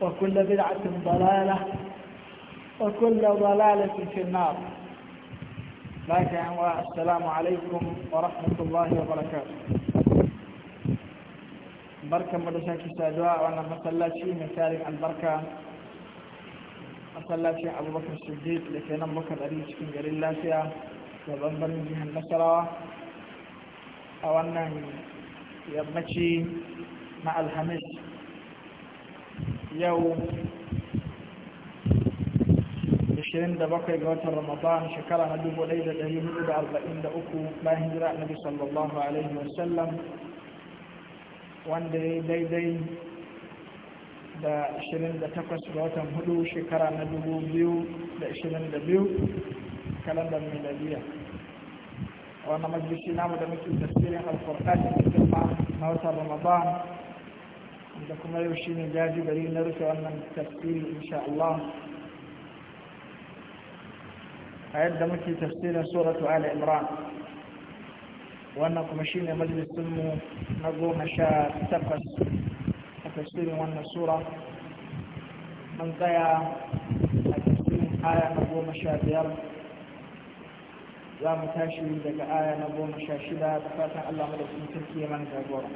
وكل بدعة ضلالة وكل ضلالة في النار لكن والسلام عليكم ورحمة الله وبركاته بركة مدساكي سادعاء وانا مسلاتي مثال البركة مسلاتي أبو بكر الصديق لكي نمبكر أريد كن قليل لاسيا وبنبر من جهة النصرة أو أن مع الحميد yau 27 ga watan ramadan shekara na 1443 bayan hijira annabi sallallahu alaihi wasallam wanda ya daidai da 28 ga watan hudu shekara na 2022 kalandar miladiya a wannan majalisi namu da muke tasirin alfarkar da na watan ramadan da kuma yau shi ne gari na rufe wannan tafsiri insha Allah a yadda muke tafsirin suratu Ali imran wannan kuma shi ne majalisunmu na goma sha takwas a tafsirin wannan sura mun tsaya a tafsirin aya na goma sha biyar za mu tashi daga aya na goma sha shida da fatan allah madafin turkiyya mana jagora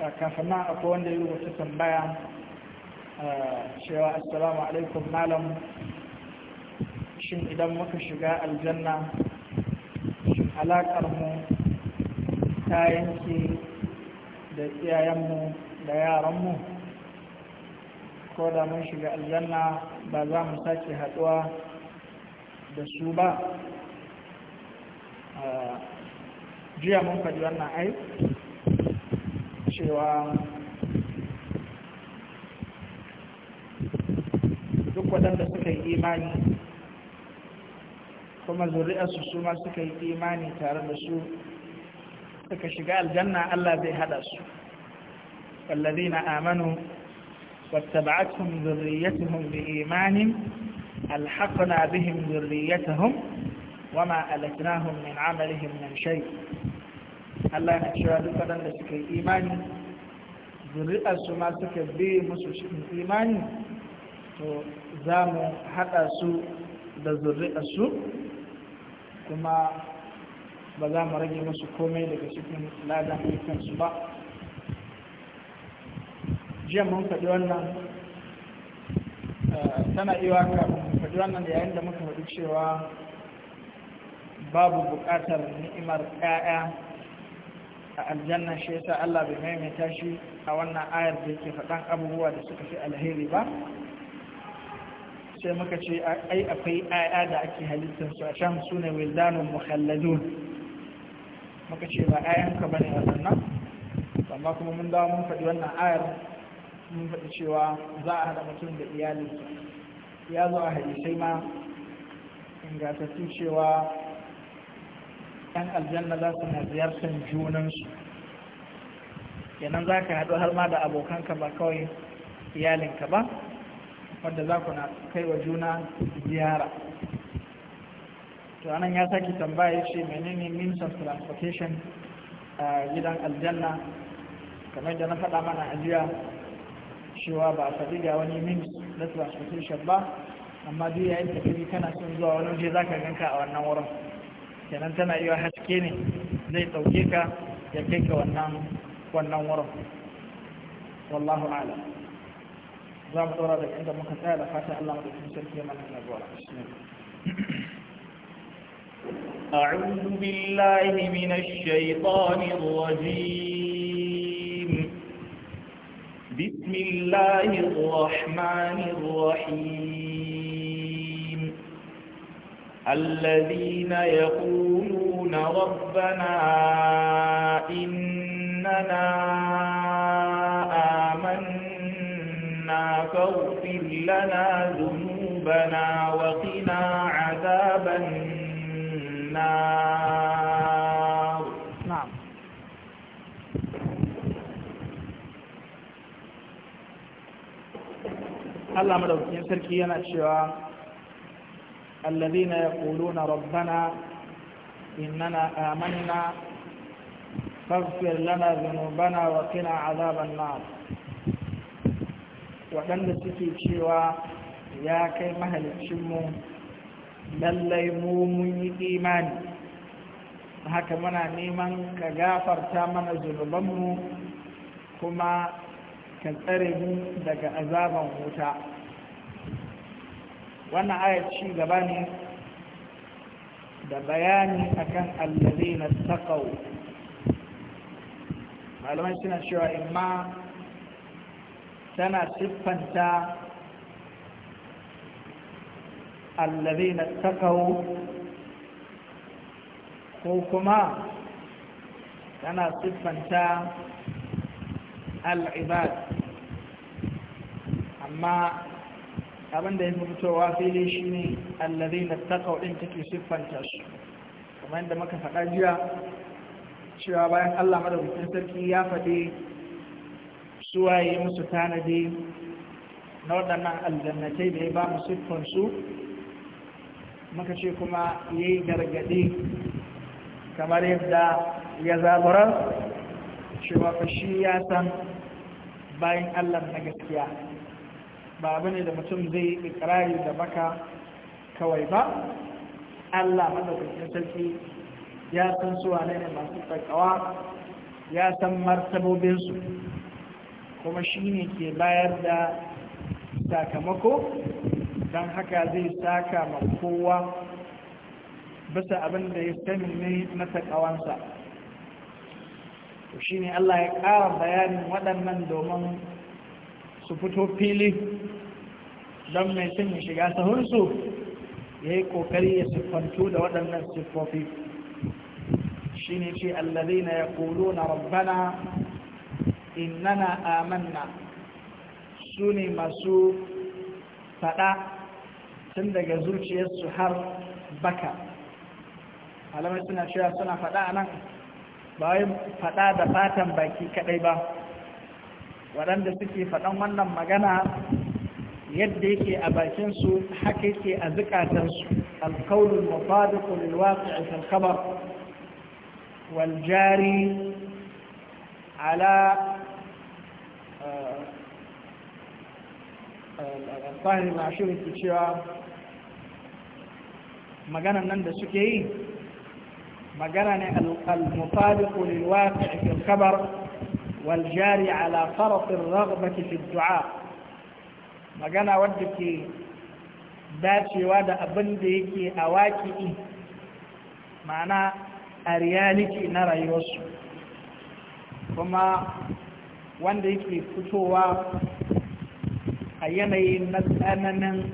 Eh, kafin nan akwai wanda ya wata tambaya eh, cewa assalamu alaikum malam shin idan muka shiga aljanna shin alaƙarmu ta yanke da iyayenmu da yaranmu ko da mun shiga aljanna ba za mu sake haɗuwa da su ba eh, jiya mun faɗi wannan ai cewa duk waɗanda suka yi imani kuma zuri'arsu su ma suka yi imani tare da su suka shiga aljanna Allah zai hada su والذين آمنوا واتبعتهم ذريتهم بإيمان ألحقنا بهم ذريتهم وما ألتناهم من عملهم من شيء Allah na cewa duk waɗanda suka yi imani su ma suka bi musu cikin imani to za mu haɗa su da su, kuma ba za mu rage musu komai daga cikin ladan su ba jiya mun faɗi wannan eh, tana iya kafin faɗi wannan da yayin da muka faɗi cewa babu buƙatar ni'imar 'ya'ya a aljanna shi yasa Allah bai maimaita shi a wannan ayar da yake faɗan abubuwa da suka fi alheri ba sai muka ce ai akwai aya da ake halittar su a can su ne wildanun mukhalladun muka ce ba ka bane wannan amma kuma mun dawo mun faɗi wannan ayar mun faɗi cewa za a haɗa mutum da iyalinsa ya zo a hadisai ma ingantattu cewa yan aljanna za su na ziyartar junansu Yanan za ka haɗu har ma da abokanka ba kawai iyalinka ba wadda za ku na kai wa juna ziyara to anan ya sake tambaya ce menene means of transportation a gidan aljanna kamar da na faɗa mana ajiya. cewa ba a faɗi ga wani means na transportation ba amma duk yayin tafiya kana son zuwa wani waje za ka ganka a wannan wurin kenan tana iya haske ne zai ɗauke ka ya kai ka wannan wannan wurin wallahu ala za mu ɗora da inda muka tsaya da fata Allah madaukakin sarki ya mana nazuwa أعوذ بالله من الشيطان الرجيم بسم الله الرحمن الرحيم الذين يقولون ربنا إننا آمنا فاغفر لنا ذنوبنا وقنا عذاب النار نعم Allah madaukakin sarki yana cewa الذين يقولون ربنا إننا آمنا فاغفر لنا ذنوبنا وقنا عذاب النار وعند سيكي شوى يا كي مهل شمو للي مومي إيمان هكذا نيمان كغافر تامن ذنوبنا كما كالأرهم دك أذاب موتا wannan ayat shi gaba ne da bayani akan allazi na takau malaman suna cewa imma tana siffanta allazi na takau ko kuma tana siffanta al'ibad amma abin da ya fi fitowa fili shi ne allazai na takau ɗin take siffanta su kuma yadda muka faɗa jiya cewa bayan allah madaukakin sarki ya faɗi suwaye musu tanadi na waɗannan aljannatai da ya ba mu siffansu muka ce kuma ya yi gargaɗi kamar yadda ya zaburar cewa fashi ya san bayan allah na gaskiya ba ne da mutum zai ikirari da baka kawai ba allah madaukakin sarki ya san su wane ne masu tsakawa ya san martabobinsu kuma shi ne ke bayar da sakamako don haka zai saka ma kowa bisa abin da ya sani ne na tsakawansa shi ne allah ya ƙara bayanin waɗannan domin su fito fili don mai mai shiga sahunsu ya yi ƙoƙari ya siffantu da waɗannan siffofi shi ne ce allari na ya kolo na rabbana innana amanna su ne masu faɗa tun daga zuciyarsu har baka alamai suna cewa suna faɗa a nan ba wai faɗa da fatan baki kaɗai ba waɗanda suke faɗan wannan magana yadda yake a bakinsu haka yake a zukatansu alkaulun mafadukun ilwaƙi a kalkabar waljari ala alfahirin ashirin ke cewa maganan nan da suke yi magana ne al-mufadiqu lil waqi'i fil khabar والجار على فرط الرغبة في الدعاء magana wanda ke dacewa da abinda da yake a waƙi'i ma'ana a reality na rayuwarsu kuma wanda yake fitowa a yanayi na tsananin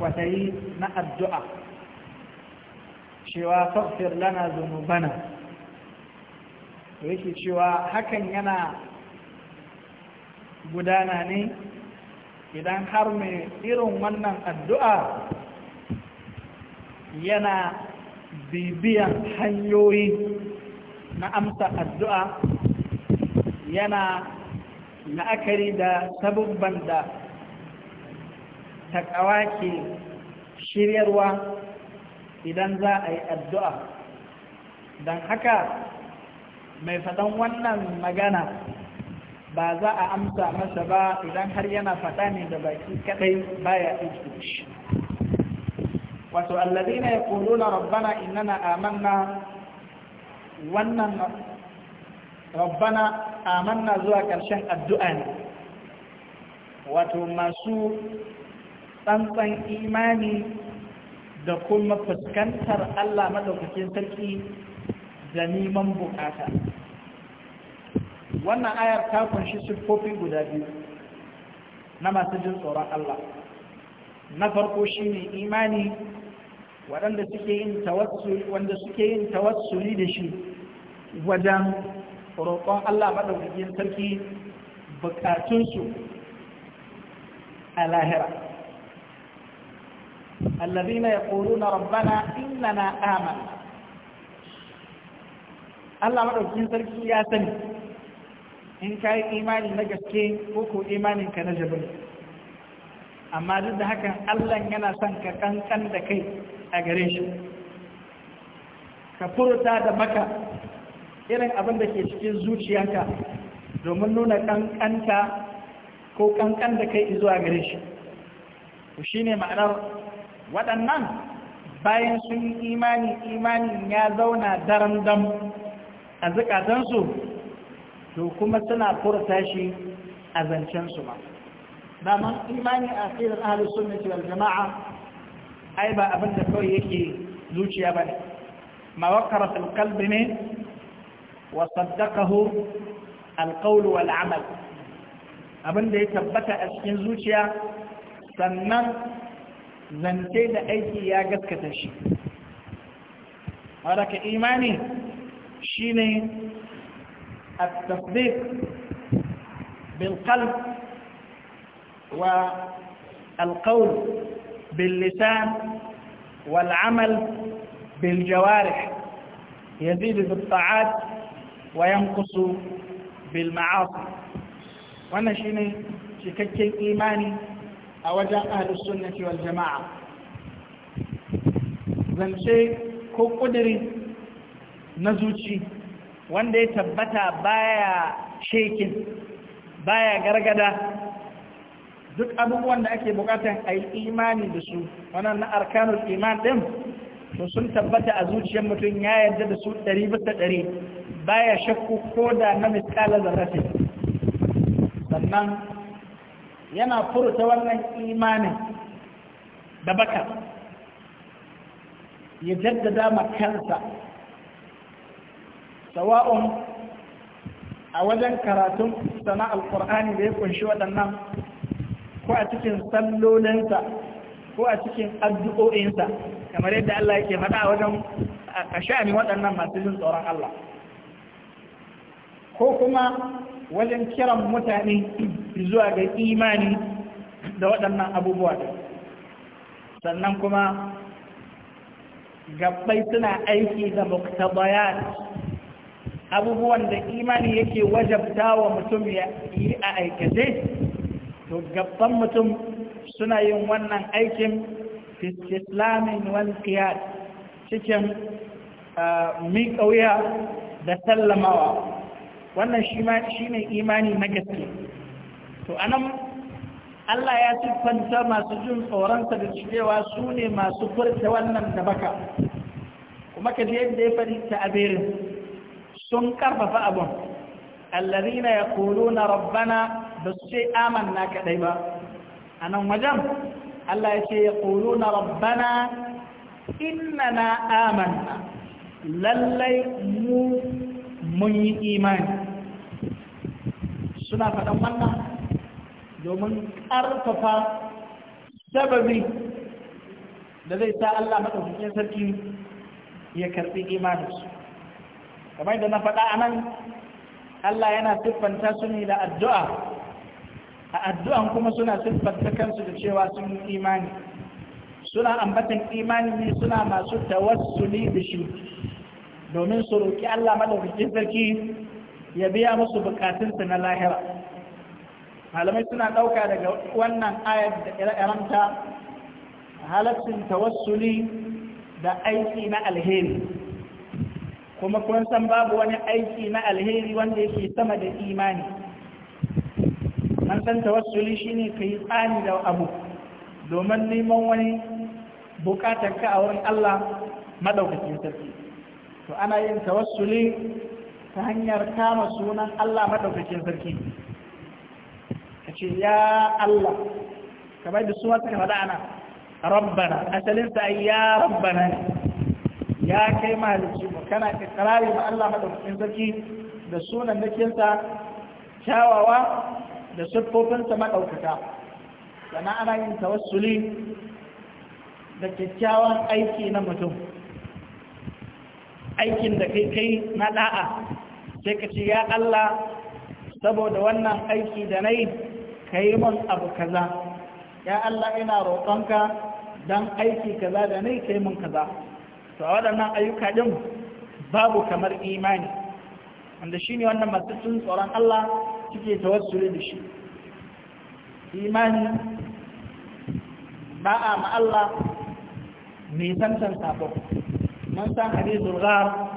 kwatayi na addu'a cewa faghfir lana zunubana to yake cewa hakan yana gudana ne idan har mai irin wannan addu'a yana bibiyan hanyoyi na amsa addu'a yana la'akari da sabubban da takawa ke shiryarwa idan za a yi addu'a don haka mai faɗan wannan magana ba za a amsa masa ba idan har yana faɗa ne da baki kaɗai baya aiki shi wato alladina ya kuluna rabbana innana amanna wannan rabbana amanna zuwa ƙarshen addu'a ne wato masu tsantsan imani da kuma fuskantar Allah maɗaukakin sarki da neman bukata wannan ayar ta kunshi siffofi guda biyu na masu jin tsoron Allah na farko shine imani waɗanda suke yin tawassuli wanda suke yin tawassuli da shi wajen roƙon Allah madaukakin sarki bukatunsu a lahira الذين يقولون ربنا إننا آمنا Allah maɗaukin sarki ya sani in ka yi imani na gaske ko ko imanin ka na jabal amma duk da hakan Allah yana son ka ƙanƙan da kai a gare shi ka furta da maka irin abin da ke cikin zuciyarka domin nuna ƙanƙanta ko ƙanƙan da kai zuwa gare shi shi ne ma'anar waɗannan bayan sun imani imanin ya zauna daram dam a zukatansu to kuma suna furta shi a zancensu ba. daman imani a tsirin ahalus sunnati wal jama'a ai ba abin da kawai yake zuciya ba ne ma wakara fil ne wa saddaqahu al wal amal abin da ya tabbata a cikin zuciya sannan zance da aiki ya gaskata shi wadaka imani شيني التصديق بالقلب والقول باللسان والعمل بالجوارح يزيد بالطاعات وينقص بالمعاصي وانا شيني cikakken ايماني a اهل السنه والجماعه زنشي كو قدري na zuci wanda ya tabbata baya shekin baya gargada duk abubuwan da ake bukatar a yi imani da su wannan na arkanul iman ɗin to sun tabbata a zuciyar mutum ya yarda da su ɗari bisa ɗari baya shakku ko da na miskala rafi sannan yana furta wannan imanin da baka ya jaddada makansa sawa'un a wajen karatun sana'ar Qur'ani da ya kunshi waɗannan ko a cikin sallolinsa ko a cikin addu'o'insa kamar yadda Allah yake faɗa a wajen a sha'ani waɗannan masu jin tsoron Allah ko kuma wajen kiran mutane zuwa ga imani da waɗannan abubuwa sannan kuma gabbai suna aiki da muktabayat abubuwan da imani yake wajabta wa mutum ya yi a aikace to gaban mutum suna yin wannan aikin islamin wal cikin miƙauya da sallamawa wannan shi ne imani na gaske to anan Allah ya siffanta masu jin tsoronsa da cewa su ne masu furta wannan da baka kuma ka yadda ya faɗi ta berin. sun karfafa abun allazina yaquluna rabbana ba su ce amanna kadai ba a nan wajen Allah ya ce yaquluna rabbana innana amanna lallai mu mun yi imani suna faɗan wannan domin ƙarfafa sababi da zai sa Allah maɗaukakin sarki ya karɓi imaninsu kamar da na faɗa a nan Allah yana siffanta su ne da addu'a a addu'an kuma suna siffanta kansu da cewa sun yi imani suna ambatan imani ne suna masu tawassuli da shi domin su roƙi Allah madaukakin sarki ya biya musu bukatunsu na lahira malamai suna ɗauka daga wannan ayar da ire-irenta halaccin tawassuli da aiki na alheri kuma kun san babu wani aiki na alheri wanda yake sama da imani an san tawassuli shine ka yi tsani da abu domin neman wani bukatar ka a wurin Allah madaukakin sarki to ana yin tawassuli ta hanyar kama sunan Allah madaukakin sarki ce ya Allah kamar da su wata faɗa ana rabbana asalin ya rabbana ya kai mahalicci mu kana ikrari ma Allah madaukakin sarki da sunan nakinsa kyawawa da siffofinsa madaukaka sannan ana yin tawassuli da kyakkyawan aiki na mutum aikin da kai kai na da'a sai ka ce ya Allah saboda wannan aiki da nayi yi mun abu kaza ya Allah ina roƙonka dan aiki kaza da ka kai mun kaza to a waɗannan ayyuka ɗin babu kamar imani wanda shi ne wannan masu sun tsoron Allah suke wasu da shi imani ba a mai nisantar sabo mun san hadisul ghar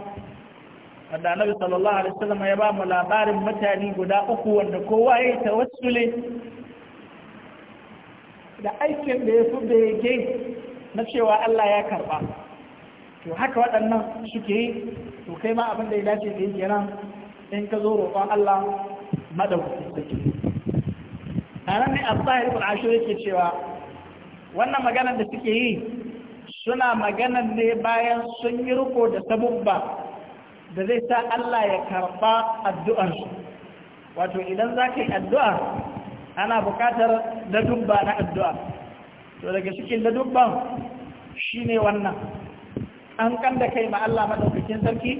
wanda annabi sallallahu alaihi wasallam ya ba mu labarin mutane guda uku wanda kowa ya tawassuli da aikin da ya fi bege na cewa Allah ya karba to haka waɗannan suke yi to kai ma abin da ya dace da yake nan in ka zo roƙon Allah madauki take a ne asahir ibn ashur yake cewa wannan maganar da suke yi suna maganar ne bayan sun yi riko da sabubba da zai sa Allah ya karɓa su. wato idan za ka yi addu'a ana buƙatar ladubba na addu'a to daga cikin ladubban shine wannan an kan da kai ma Allah madaukakin sarki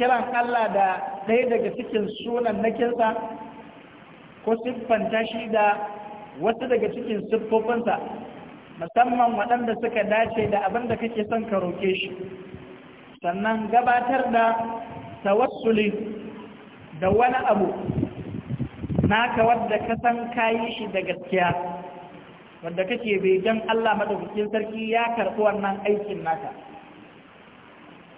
kiran Allah da ɗaya daga cikin sunan nakinsa ko siffanta shi da wasu daga cikin siffofinsa musamman waɗanda suka dace da abin da kake son ka roke shi sannan gabatar da tawassuli da wani abu naka wadda ka san kayi shi da gaskiya wanda kake jan Allah madaukakin sarki ya karɓi wannan aikin naka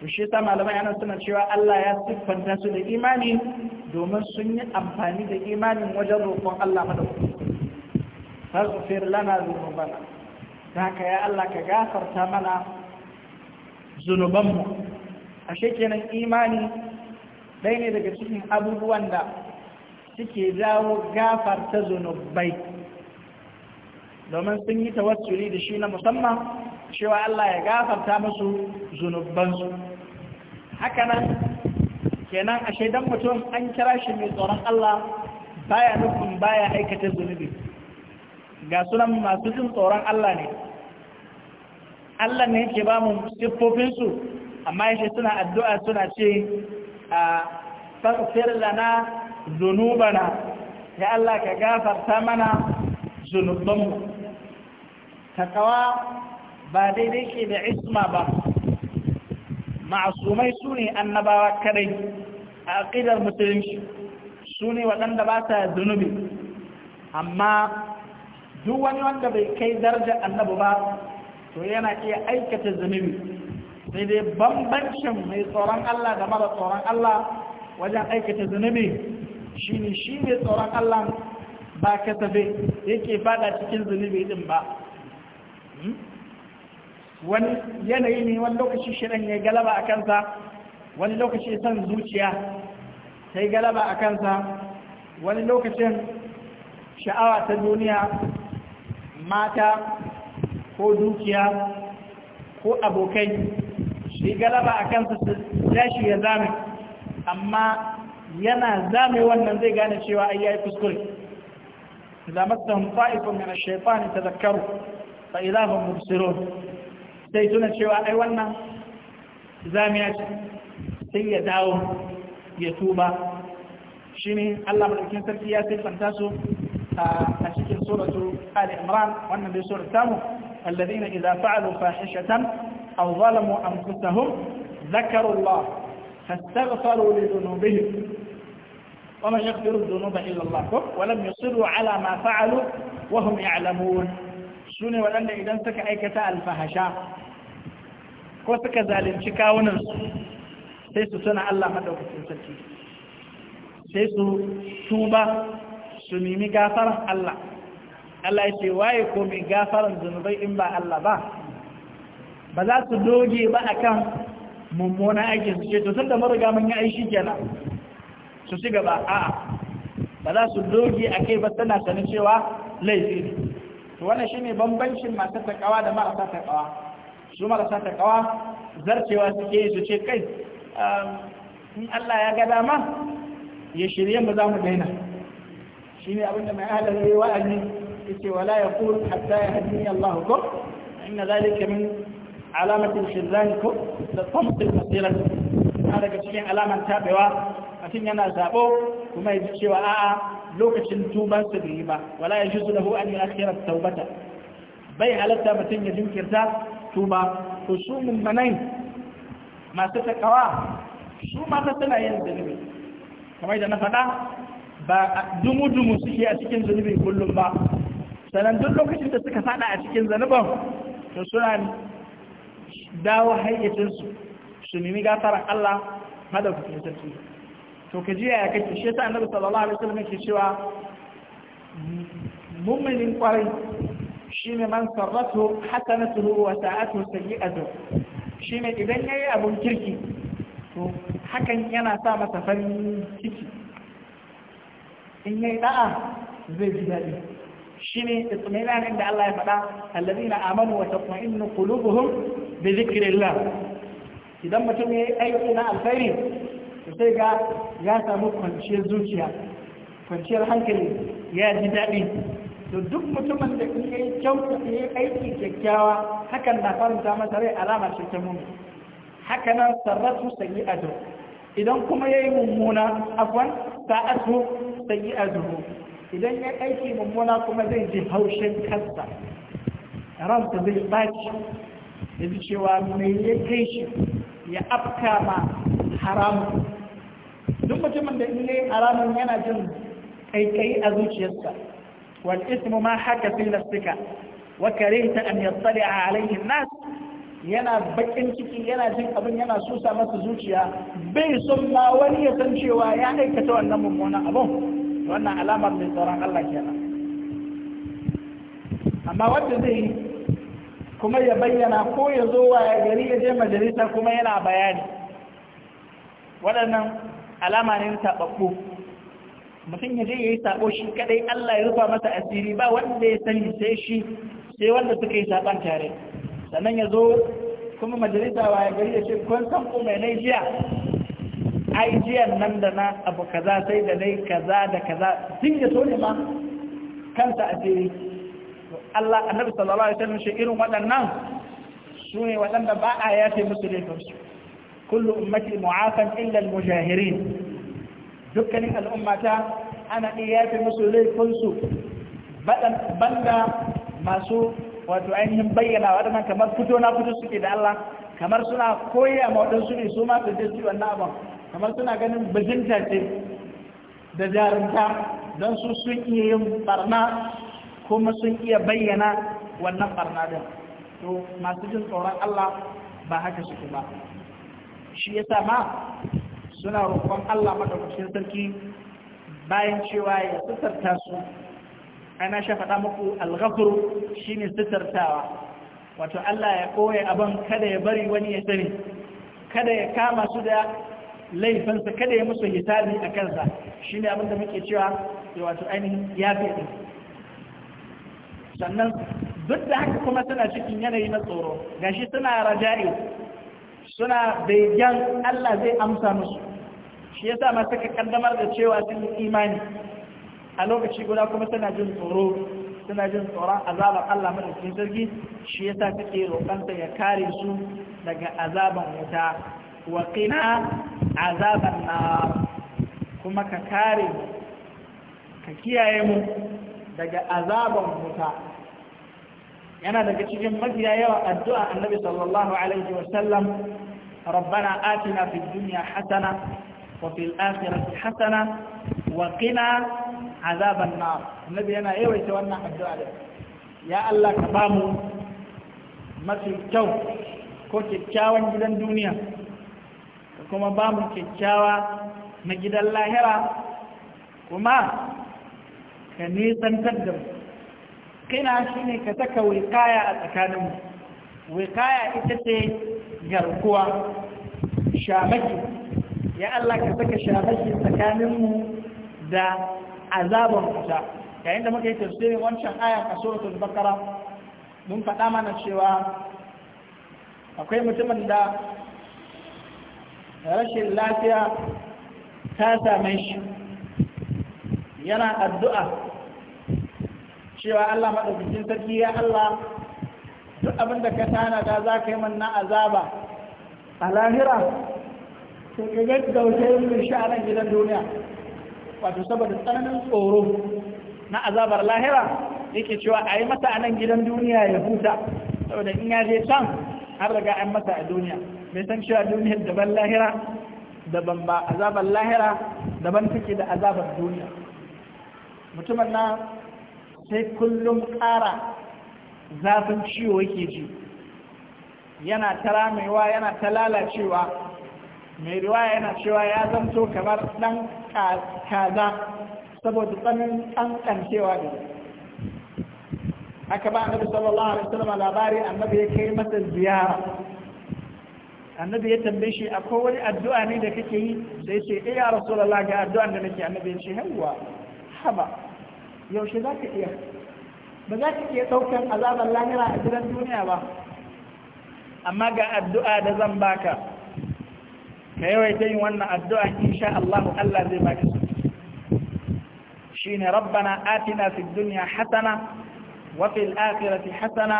shi ta malamai ana suna cewa Allah ya siffanta su da imani domin sun yi amfani da imanin wajen roƙon Allah madaukakin sarki lana zunubana ta ka ya Allah ka gafarta mana zunubanmu ashe kenan imani ɗaya ne daga cikin abubuwan da suke jawo gafarta zunubai domin sun yi ta tawassuli da shi na musamman cewa Allah ya gafarta musu zunubansu hakanan kenan a shaidan mutum an kira shi mai tsoron Allah baya nufin baya aikata zunubi ga sunan masu jin tsoron Allah ne Allah ne yake ba mu siffofinsu amma yake suna addu'a suna ce a faghfir lana zunubana ya Allah ka gafarta mana zunubanmu takawa ba daidai ke da isma ba ma'asumai su ne annabawa kadai a aƙidar musulunci su ne waɗanda ba sa zunubi amma duk wani wanda bai kai darajar annabu ba to yana iya aikata zunubi sai dai bambancin mai tsoron Allah da mara tsoron Allah wajen aikata zunubi shi ne shi ne tsoron Allah ba kasafe yake fada cikin zunubi din ba wani yanayi ne wani lokaci shirin ya galaba a kansa wani lokaci son zuciya ta yi galaba a kansa wani lokacin sha'awa ta duniya mata ko dukiya ko abokai shi galaba a kansa su tashi ya zame amma yana zame wannan zai gane cewa ai yayi kuskure إذا مسهم yana ta ta zakaru فإذا هم مبصرون سيتون الشواء أيوانا زامية سيئة داوم يتوبة شيني الله في تركياتي فانتاسو آه، أشكل سورة آل إمران وأن سورة تامو الذين إذا فعلوا فاحشة أو ظلموا أنفسهم ذكروا الله فاستغفروا لذنوبهم ومن يغفر الذنوب إلا الله ولم يصروا على ما فعلوا وهم يعلمون su ne waɗanda idan suka aikata alfahasha ko suka zalunci kawunansu sai su tuna Allah maɗaukacin sarki sai su tuba su nemi gafaran Allah Allah ya ce waye ko mai gafaran zunubai in ba Allah ba ba za su doge ba akan mummuna aikin su ce to sun da maruga mun yi aishi kenan su shiga ba a'a ba za su doge a kai ba tana sanin cewa laifi to wannan shine bambancin masu takawa da marasa takawa su marasa takawa zarcewa suke su ce kai um, in Allah ya ga dama ya shirye mu za mu daina shine abin da mai ahalar yayi wa'azi yace wala yaqul hatta yahdini Allah ko inna zalika min alamatin shirranikum la tamsil masiran na daga cikin alaman tabewa mutum yana zaɓo kuma ya cewa a'a lokacin tuban su bai yi ba wala ya da lahu an yu'akhkhira taubata bai halatta mutum ya jinkirta tuba to su mummanai masu takawa su mata suna yin zunubi kamar da na faɗa ba dumu-dumu suke a cikin zunubi kullum ba sannan duk lokacin da suka faɗa a cikin zanubin to suna dawo hayyacinsu su nemi gafaran Allah madaukakin sarki to ka ji yaya kake shi yasa annabi sallallahu alaihi wasallam yake cewa mu'minin kwarai shine man sarratu hasanatuhu wa sa'atuhu sayyi'atuhu shine idan yayi abun kirki to hakan yana sa masa farin ciki in yayi da'a zai ji daɗi shine isma'ilan inda Allah ya faɗa allazina amanu wa tatma'innu qulubuhum bi dhikrillah idan mutum ya yi aiki na alkhairi to sai ga ya samu kwanciyar zuciya kwanciyar hankali ya ji daɗi to duk mutumin da in yi kyauta ya yi aiki kyakkyawa hakan na faranta masa rai alama ce ta mummi haka nan sarratu a ajo idan kuma ya yi mummuna afwan sa'atu a ajo idan ya aiki mummuna kuma zai ji haushin kasa, ransa zai baci ya cewa mai ya kai shi ya afka ma haramun duk mutumin da in yayi haramun yana jin kaikayi a zuciyarsa wal ismu ma haka fi nafsika wa karihta an a alayhi nas yana bakin ciki yana jin abin yana susa masa zuciya bai son ma wani ya san cewa ya aikata wannan mummunan abun. wannan alamar mai tsoron Allah kenan amma wanda zai yi kuma ya bayyana ko ya zo wa ya gari ya je majalisa kuma yana bayani waɗannan alama ne saɓaɓɓu mutum ya je ya yi saɓo shi kaɗai Allah ya rufa masa asiri ba wanda ya sani sai shi sai wanda suka yi saɓan tare sannan ya zo kuma majalisa wa ya gari ya ce kun san ku mai nai jiya ai jiya nan da na abu kaza sai da nai kaza da kaza sun ya so ne ma kansa asiri Allah annabi sallallahu alaihi wasallam shi irin waɗannan su ne waɗanda ba a yafe musu laifinsu kullu ummati mu'afan illa al-mujahirin dukkanin al'ummata ana iya yafe musu laifinsu banda masu wato ainihin bayyana waɗannan kamar fito na fito suke da Allah kamar suna koya ma waɗansu ne su ma su je su wannan abin kamar suna ganin bajinta ce da jarumta don su sun iya yin barna kuma sun iya bayyana wannan barna din to masu jin tsoron Allah ba haka suke ba shi yasa ma suna roƙon Allah madaukakin sarki bayan cewa ya sitarta su ana sha faɗa muku al-ghafur shine sitartawa wato Allah ya koye abin kada ya bari wani ya sani kada ya kama su da laifinsa kada ya musu hisabi a kansa shine abin da muke cewa wato ainihin yafi din sannan duk da haka kuma suna cikin yanayi na tsoro gashi suna raja'i suna begen Allah zai amsa musu shi yasa ma suka kaddamar da cewa sun yi imani a lokaci guda kuma suna jin tsoro suna jin tsoron azabar Allah madaukakin sarki shi yasa suke roƙonsa ya kare su daga azaban wuta wa qina azaban na kuma ka kare ka kiyaye mu daga azaban wuta yana daga cikin mafiya yawa addu'a annabi sallallahu alaihi wasallam rabbana atina fid dunya hasana wa fil akhirati hasana wa qina azaban nar annabi yana yawaita wannan addu'a da ya Allah ka bamu mafi kyau ko kyakkyawan gidan duniya ka kuma ba mu kyakkyawa na gidan lahira kuma ka nisantar da mu kina shi ne ka saka wikaya a tsakaninmu wikaya ita ce garkuwa shamaki ya Allah ka saka shamaki tsakaninmu da azabar kusa yayin da muka yi tafsirin wancan ayan a suratul bakara mun faɗa mana cewa akwai mutumin da rashin lafiya ta same shi yana addu'a cewa Allah maɗaukakin sarki ya Allah duk abin da ka ta za ka yi manna azaba a lahira to ka ga gaushe yin shi a nan gidan duniya wato saboda tsananin tsoro na azabar lahira yake cewa a yi masa a nan gidan duniya ya huta saboda in ya je can har daga an masa a duniya mai san cewa duniya daban lahira daban ba azabar lahira daban take da azabar duniya mutumin na sai kullum ƙara zafin ciwo yake ji yana ta ramewa yana ta lalacewa mai riwaya yana cewa ya zanto kamar ɗan kaza saboda tsanin ƙanƙancewa da aka ba annabi sallallahu alaihi wasallam labari annabi ya kai masa ziyara annabi ya tambaye shi akwai wani addu'a ne da kake yi da ce eh ya rasulullah ga addu'an da nake annabi ya ce yawa haba yaushe za ka iya ba za ka iya ɗaukar azabar lahira a gidan duniya ba amma ga addu'a da zan baka ka yawaita yin wannan addu'a insha Allah Allah zai baka shine rabbana atina fid dunya hasana wa fil akhirati hasana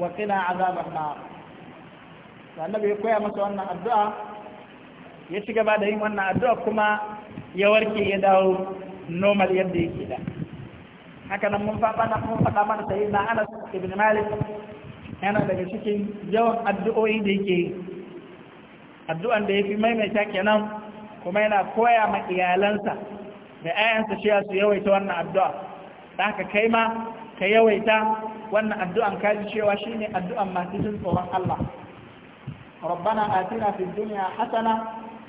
wa qina azaban nar annabi ya koya masa wannan addu'a ya ci gaba da yin wannan addu'a kuma ya warke ya dawo normal yadda yake da haka nan mun faɗa mun faɗa mana sai na Anas ibn Malik yana daga cikin yawan addu'o'i da yake addu'an da yafi maimaita kenan kuma yana koya ma iyalansa da ayansa shi su yawaita wannan addu'a da haka kai ma ka yawaita wannan addu'an kaji cewa shine addu'an masu jin tsoron Allah fid dunya hasana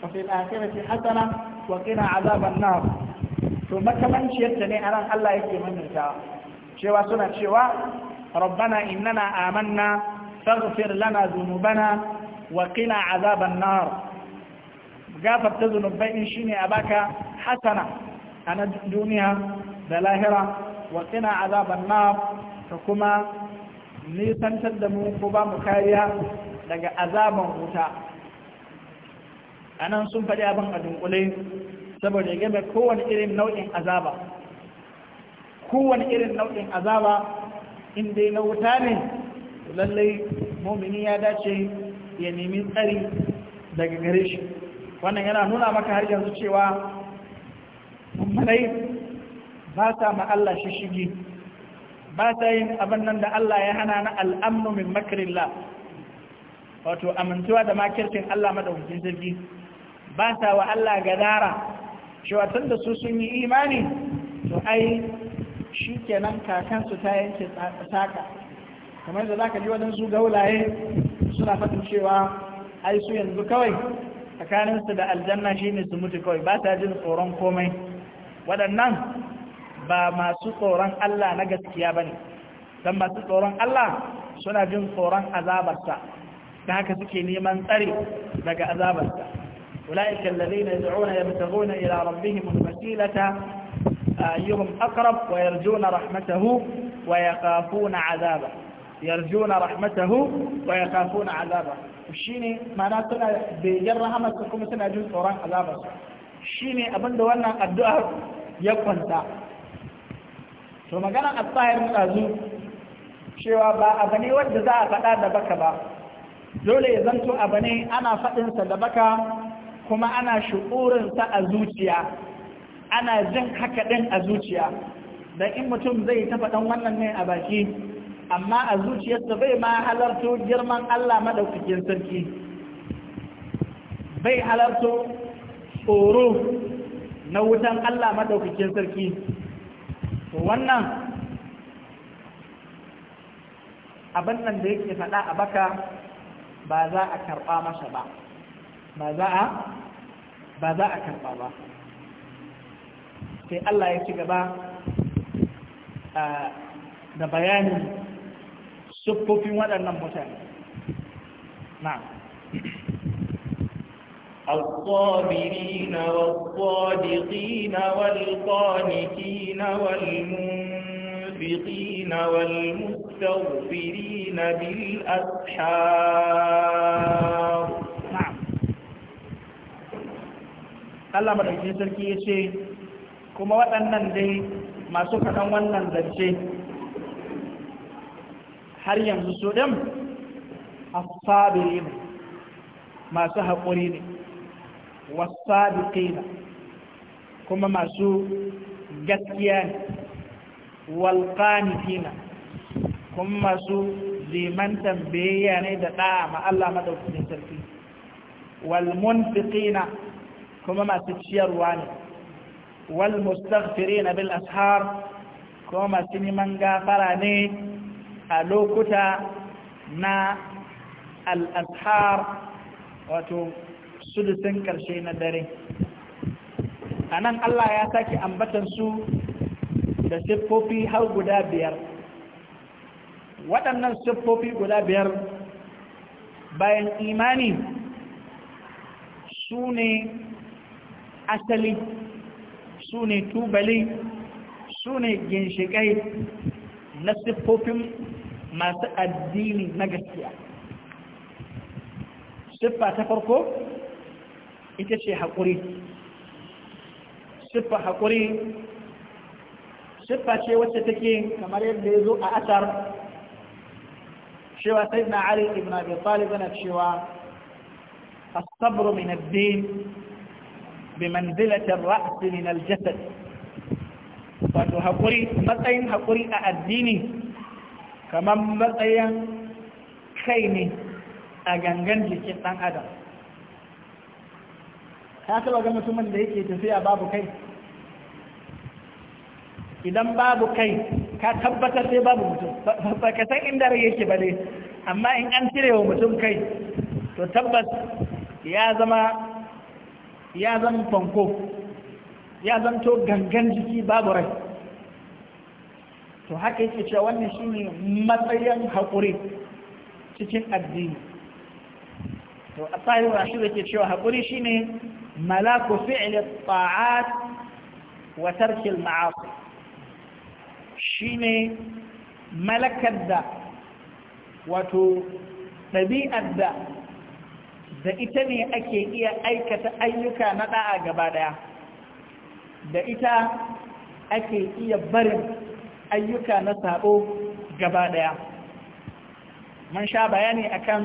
wa fil akhirati hasana wa qina adhaban nar to makamanciyarta ne a ran Allah yake mamintawa cewa suna cewa rabbana innana amanna faghfir lana dhunubana wa qina azaban nar ta zunubai in shine a baka hasana a na duniya da lahira wa qina azaban nar ta kuma nisantar da mu ko ba mu kariya daga azaban wuta anan sun faɗi abin a dunkule saboda ya game kowane irin nau'in azaba kowane irin nau'in azaba in dai na wuta ne lallai mumini ya dace ya nemi tsari daga gare shi wannan yana nuna maka har yanzu cewa mummunai ba sa ma'alla shi shigi ba sa yin abin nan da Allah ya hana na al'amnu min makarilla. wato amintuwa da makircin Allah madawacin sarki ba sa wa Allah gadara cewa tun da su sun yi imani to ai shi kenan kakansu ta yanke saka kamar da za ka ji waɗansu gaulaye suna faɗin cewa ai su yanzu kawai tsakaninsu da aljanna shi ne su mutu kawai ba ta jin tsoron komai waɗannan ba masu tsoron Allah na gaskiya ba ne don masu tsoron Allah suna jin tsoron azabarsa ta haka suke neman tsare daga azabarsa أولئك الذين يدعون يبتغون إلى ربهم الوسيلة أيهم أقرب ويرجون رحمته ويخافون عذابه يرجون رحمته ويخافون عذابه shine ma'ana suna begen rahamarsa kuma suna jin tsoron azabarsa shine abin da wannan ya kwanta to magana a tsayar tsazu cewa ba abu wanda za a faɗa da baka ba dole ya zanto abu ne ana sa da baka kuma ana shu'urinsa a zuciya ana jin haka ɗin a zuciya da in mutum zai tafa ɗan wannan ne a baki amma a zuciyarsa bai ma halarto girman Allah maɗaukakin sarki bai halarto tsoro na wutan Allah maɗaukakin sarki wannan abin nan da yake faɗa a baka ba za a karɓa masa ba ba za a ba za a karɓa ba sai Allah ya ci gaba da bayanin sufofin waɗannan mutane na الصابرين والصادقين والقانتين والمنفقين والمستغفرين بالأسحار Allah madaukakin sarki ya ce kuma waɗannan dai masu faɗan wannan zance har yanzu su ɗin asabiri ne masu haƙuri ne wasabiƙi ne kuma masu gaskiya ne walƙanifi ne kuma masu limantan biyayya ne da ɗa'a ma Allah madaukakin sarki walmunfiƙi ne kuma masu ciyarwa ne wal na bil ashar kuma masu neman gafara ne a lokuta na al ashar wato sudusin karshe na dare a nan Allah ya sake ambatan su da siffofi har guda biyar waɗannan siffofi guda biyar bayan imani su ne asali su ne tubali su ne ginshiƙai na siffofin masu addini na gaskiya siffa ta farko ita ce haƙuri siffa haƙuri siffa ce wacce take kamar yadda ya zo a asar cewa sai na ali ibn abi talib yana cewa as min ad-din بمنزلة الرأس من الجسد فتحقري مطين حقري أديني a gangan jikin أجنجن adam أدم haka ga mutumin da yake tafiya babu kai idan babu kai ka tabbatar sai babu mutum ba ka san inda rai yake ba ne amma in an cire wa mutum kai to tabbas ya zama ya zan fanko ya zanto gangan jiki babu rai to haka yake cewa wannan shine matsayin haƙuri cikin addini to a tsayin rashi da ke cewa haƙuri shine malaku fi'il ta'at wa tarkil ma'asi shine malakar da wato ɗabi'ar da da ita ne ake iya aikata ayyuka na da'a gaba daya da ita ake iya barin ayyuka na sabo gaba daya mun sha bayani akan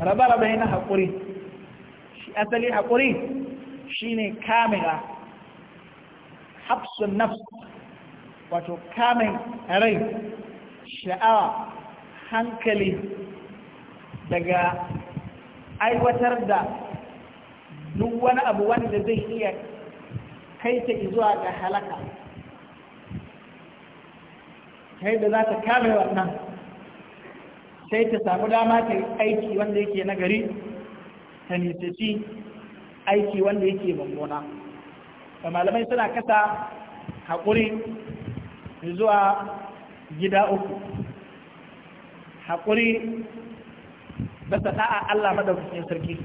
rabe-rabe na haƙuri shi asali haƙuri shine kamera hafsun nafs wato kamen rai sha'awa hankali daga aiwatar da duk wani abu wanda zai iya kai ta zuwa ga halaka kai da za ta kame wannan sai ta samu dama ta aiki wanda yake nagari ta nisaci aiki wanda yake mummuna da malamai suna kasa haƙuri zuwa gida uku haƙuri bisa da'a Allah madaukakin sarki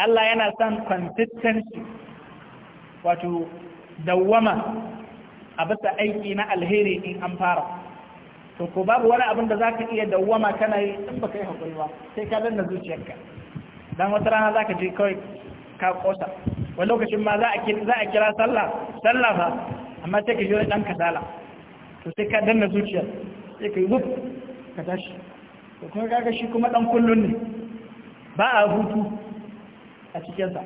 Allah yana son consistency wato dawwama a bisa aiki na alheri in an fara to ko babu wani abin da zaka iya dawwama kana yi in baka yi haƙuri ba sai ka danna zuciyarka don wata rana zaka je kawai ka ƙosa, wani lokacin ma za a kira sallah sallah ba amma sai ka ji wani dan kasala to sai ka danna zuciyar sai ka yi wuf ka tashi to kuma kaga shi kuma dan kullun ne ba a hutu a cikinsa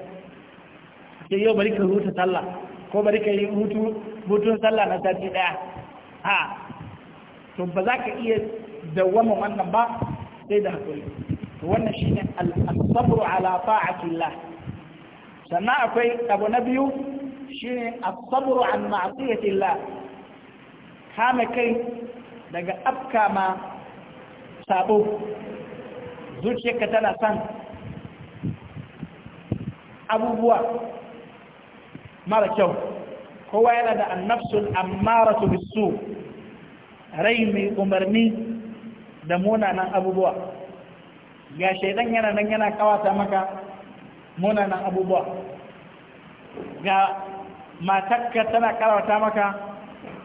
sai yau bari ka huta sallah ko bari ka yi hutu hutun sallah na sati daya ha to ba za ka iya dawwama wannan ba sai da hakuri to wannan shine al-sabru ala ta'atillah sannan akwai abu na biyu shine as-sabru an ma'siyatillah kame kai daga afkama sabo zuciyarka tana san abubuwa mara kyau kowa yana da annafsul ammaratu bisu rai mai umarni da munanan abubuwa ga shaidan yana nan yana kawata maka munanan abubuwa ga matakka tana kawata maka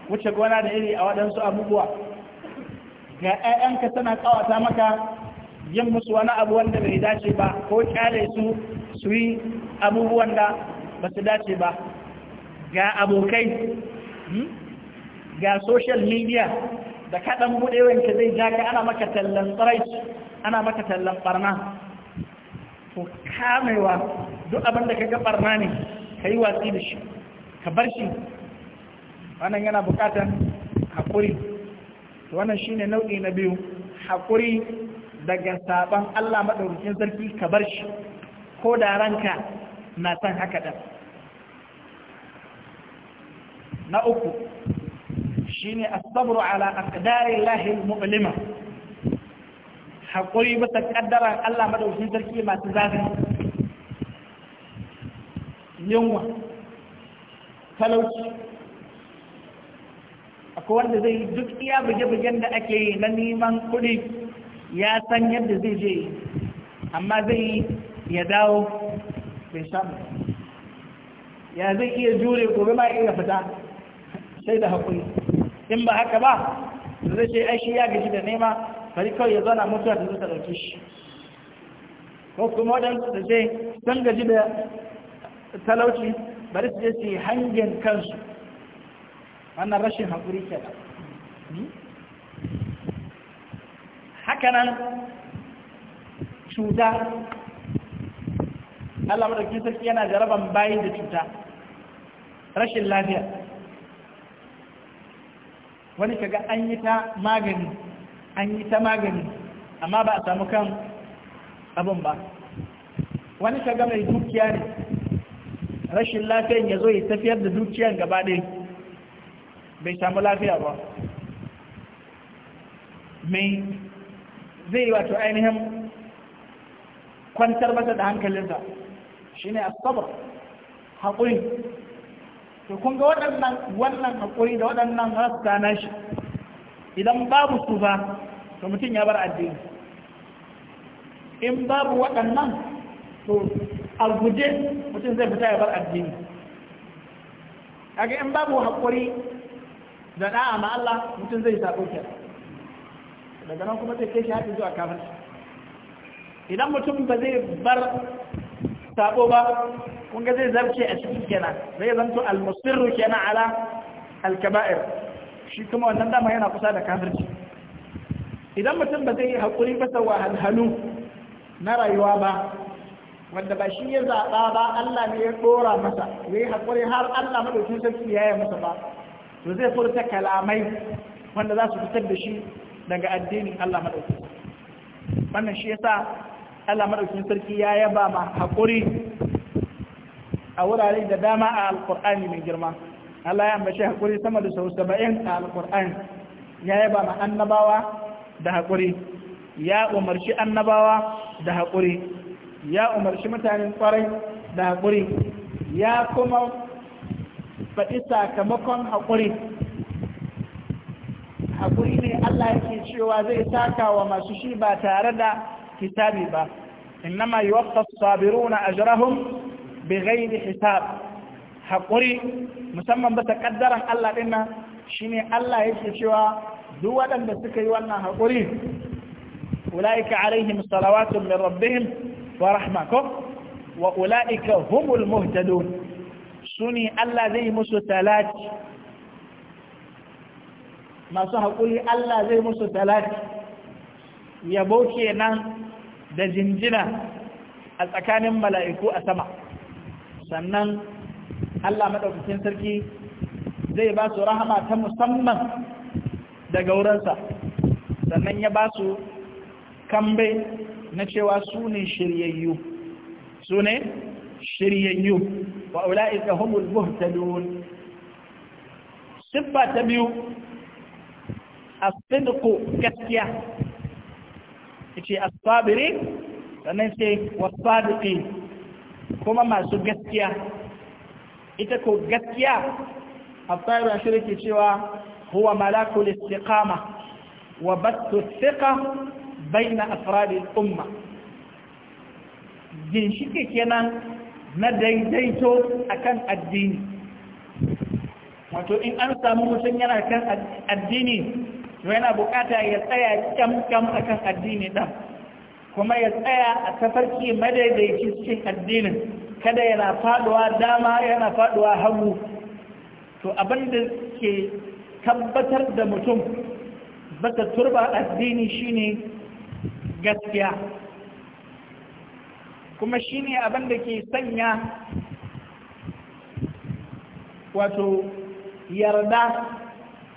wuce gona da iri a waɗansu abubuwa ga 'ya'yanka tana kawata maka yin musu wani abu wanda bai dace ba ko kyale su su yi abubuwan da ba su dace ba ga abokai hmm? ga social media da kaɗan buɗewanka zai ja ka ana maka tallan tsirai ana maka tallan ɓarna to kamewa duk abin da ka ga ɓarna ne ka yi watsi da shi ka bar shi wannan yana buƙatar haƙuri wannan shine nau'i na biyu hakuri daga saban Allah madaukakin sarki ka bar shi ko da ranka na san haka da na uku shine as-sabru ala aqdari llahi al-mu'lima hakuri bisa kaddara Allah madaukakin sarki masu zafi yunwa talauci akwai wanda zai duk iya buge-bugen da ake yi na neman kuɗi ya san yadda zai je amma zai ya dawo bai samu ya zai iya jure gobe ma iya fita sai da haƙuri in ba haka ba zai ce aishi ya gaji da nema bari kawai ya zana mutuwa da zuta ɗauki shi ko kuma waɗansu da zai sun gaji da talauci bari su je su yi hangen kansu wannan rashin haƙuri ke hmm? haka nan cuta Allah madaukin sarki yana jaraban bayi da cuta rashin lafiya wani kaga an yi ta magani an yi ta magani amma ba a samu kan abin ba wani kaga mai dukiya ne rashin lafiyan ya zo ya tafiyar da dukiyan gaba ɗaya bai samu lafiya ba mai zai wato ainihin kwantar masa da hankalinsa shi ne asabar haƙuri to kun ga waɗannan wannan haƙuri da waɗannan rasta na shi idan babu su ba to mutum ya bar addini in babu waɗannan to a guje mutum zai fita ya bar addini kaga in babu haƙuri da da'a ma Allah mutum zai sabo ke daga nan kuma zai kai shi haɗi zuwa kafin idan mutum ba zai bar sabo ba kun ga zai zarce a cikin kenan zai zanto al-musirru kenan ala al-kaba'ir shi kuma wannan dama yana kusa da kafirci idan mutum ba zai yi haƙuri ba sau halhalu na rayuwa ba wanda ba shi ya zaɓa ba Allah ne ya ɗora masa ya yi haƙuri har Allah maɗaukin sarki ya yi masa ba to zai furta kalamai wanda za su fitar da shi daga addinin Allah madaukakin wannan shi yasa Allah madaukakin sarki ya yaba ma hakuri a wurare da dama a alkur'ani mai girma Allah ya ambace hakuri sama da sau saba'in a alkur'ani ya yaba ma annabawa da hakuri ya umarci annabawa da hakuri ya umarci mutanen kwarai da hakuri ya kuma faɗi sakamakon haƙuri haƙuri ne Allah yake cewa zai saka wa masu shi ba tare da hisabi ba innama yuwaffa sabiruna ajrahum bighairi hisab haƙuri musamman bisa kaddaran Allah din nan shine Allah yake cewa duk waɗanda suka yi wannan haƙuri ulaika alaihim salawatun min rabbihim wa rahma wa ulaika humul muhtadun su ne Allah zai musu talati masu haƙuri Allah zai musu talati yabo kenan da jinjina a tsakanin mala'iku a sama sannan Allah maɗaukacin sarki zai ba su rahama ta musamman daga wurinsa sannan ya ba su kambe na cewa su ne shiryayyu su ne shiryayyu wa ula'ika humul muhtadun siffa ta biyu as-sidqu gaskiya yace as-sabiri sannan sai was-sadiqi kuma masu gaskiya ita ko gaskiya Abdullahi bin ke cewa huwa malakul istiqama wa battu thiqa baina afradi al-umma ginshike kenan na daidaito a kan addini wato in an samu mutum yana kan addini yana bukata ya tsaya kyamkyam a kan addini ɗan kuma ya tsaya a tafarki madaidaici cikin addinin kada yana faɗuwa dama yana faɗuwa hagu to abinda ke tabbatar da mutum bata turba addini shine gaskiya kuma shi ne abin da ke sanya wato yarda